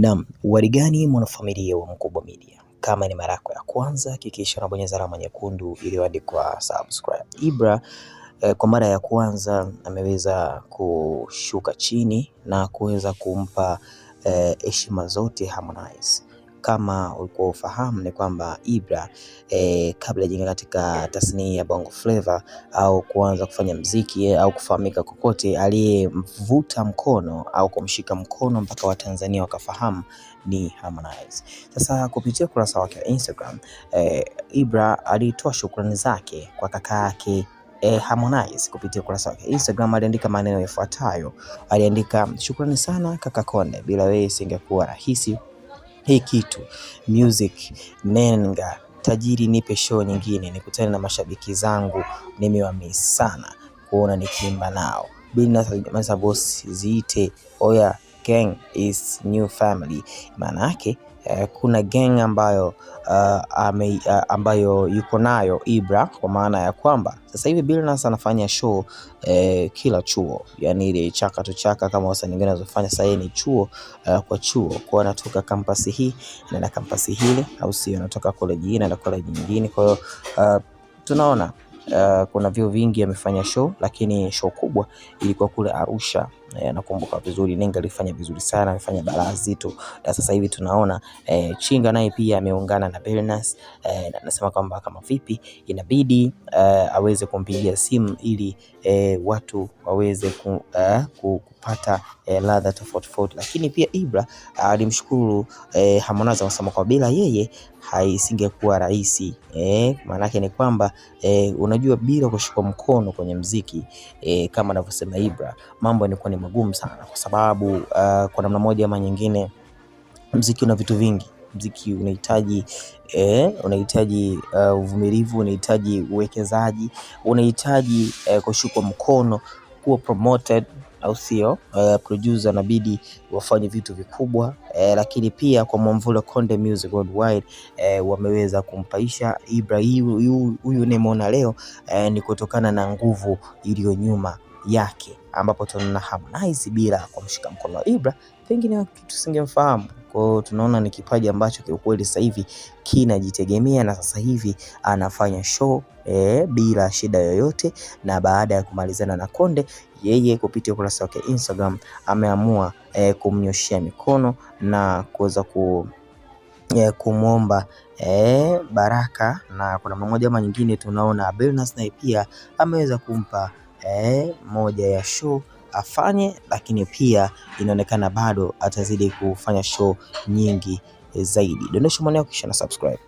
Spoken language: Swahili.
Naam, warigani gani mwanafamilia wa Mkubwa Media? Kama ni mara yako ya kwanza, hakikisha unabonyeza alama nyekundu iliyoandikwa subscribe. Ibra eh, kwa mara ya kwanza ameweza kushuka chini na kuweza kumpa eh, heshima eh, zote Harmonize. Kama ulikuwa ufahamu ni kwamba Ibra e, kabla jinga katika tasnia ya Bongo Flava au kuanza kufanya mziki au kufahamika kokote, aliyemvuta mkono au kumshika mkono mpaka Watanzania wakafahamu ni Harmonize. Sasa kupitia ukurasa wake wa Instagram e, Ibra alitoa shukrani zake kwa kaka yake E, Harmonize kupitia ukurasa wake Instagram aliandika maneno yafuatayo. Aliandika, shukrani sana kaka Konde, bila wewe isingekuwa rahisi hii kitu music nenga tajiri, nipe show nyingine, nikutane na mashabiki zangu, nimewamii sana kuona nikiimba nao. Billnass Boss ziite oya gang is new family, maana yake eh, kuna gang ambayo uh, ame, uh, ambayo yuko nayo Ibra, kwa maana ya kwamba sasa hivi Billnass anafanya show eh, kila chuo, yani ile chaka to chaka kama wasanii wengine wanazofanya. Sasa ni chuo uh, kwa chuo, kwa anatoka kampasi hii na kampasi hile, au sio? Anatoka college hii na college nyingine. Kwa hiyo uh, tunaona uh, kuna vio vingi amefanya show, lakini show kubwa ilikuwa kule Arusha eh, nakumbuka vizuri Ninga alifanya vizuri sana, amefanya balaa zito, na sasa hivi tunaona eh, Chinga naye pia ameungana na Billnass e, eh, nasema kwamba kama vipi inabidi eh, aweze kumpigia simu ili eh, watu waweze ku, eh, ku kupata e, ladha tofauti tofauti, lakini pia Ibra ah, alimshukuru e, Harmonize anasema kwa bila yeye haisingekuwa rahisi maana yake ni kwamba e, unajua bila kushikwa mkono kwenye mziki e, kama anavyosema Ibra mambo yanakuwa ni magumu sana, kwa sababu uh, kwa namna moja ama nyingine mziki una vitu vingi. Mziki unahitaji eh, unahitaji eh, uvumilivu unahitaji uwekezaji, unahitaji uh, eh, kushukwa mkono, kuwa promoted au sio? Uh, producer inabidi wafanye vitu vikubwa eh, lakini pia kwa mwamvuli Konde Music Worldwide eh, wameweza kumpaisha Ibra. Huyu unayemwona leo eh, ni kutokana na nguvu iliyo nyuma yake, ambapo tunaona Harmonize bila kwa mshika mkono wa Ibra pengine tusingemfahamu. Kwa hiyo tunaona ni kipaji ambacho kiukweli sasa hivi kinajitegemea na sasa hivi anafanya show e, bila shida yoyote. Na baada ya kumalizana na Konde, yeye kupitia ukurasa wake Instagram ameamua e, eh, kumnyoshia mikono na kuweza ku e, kumwomba e, baraka, na kuna mmoja ama nyingine tunaona Billnass naye pia ameweza kumpa eh, moja ya show afanye, lakini pia inaonekana bado atazidi kufanya show nyingi zaidi. Dondosha maoni yako kisha na subscribe.